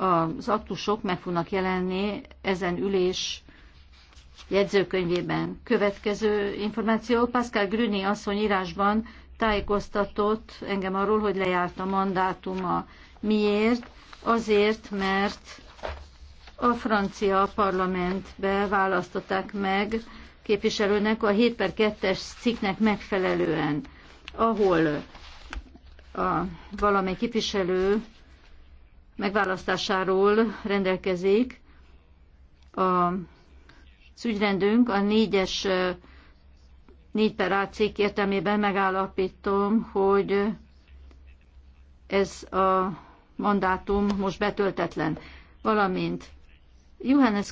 az aktusok meg fognak jelenni ezen ülés jegyzőkönyvében. Következő információ, Pascal Grüni asszony írásban tájékoztatott engem arról, hogy lejárt a mandátuma. Miért? Azért, mert a francia parlamentbe választották meg képviselőnek a 7 per 2-es cikknek megfelelően, ahol a valamely képviselő megválasztásáról rendelkezik. A ügyrendünk a négyes 4 per A cikk értelmében megállapítom, hogy ez a mandátum most betöltetlen. Valamint Johannes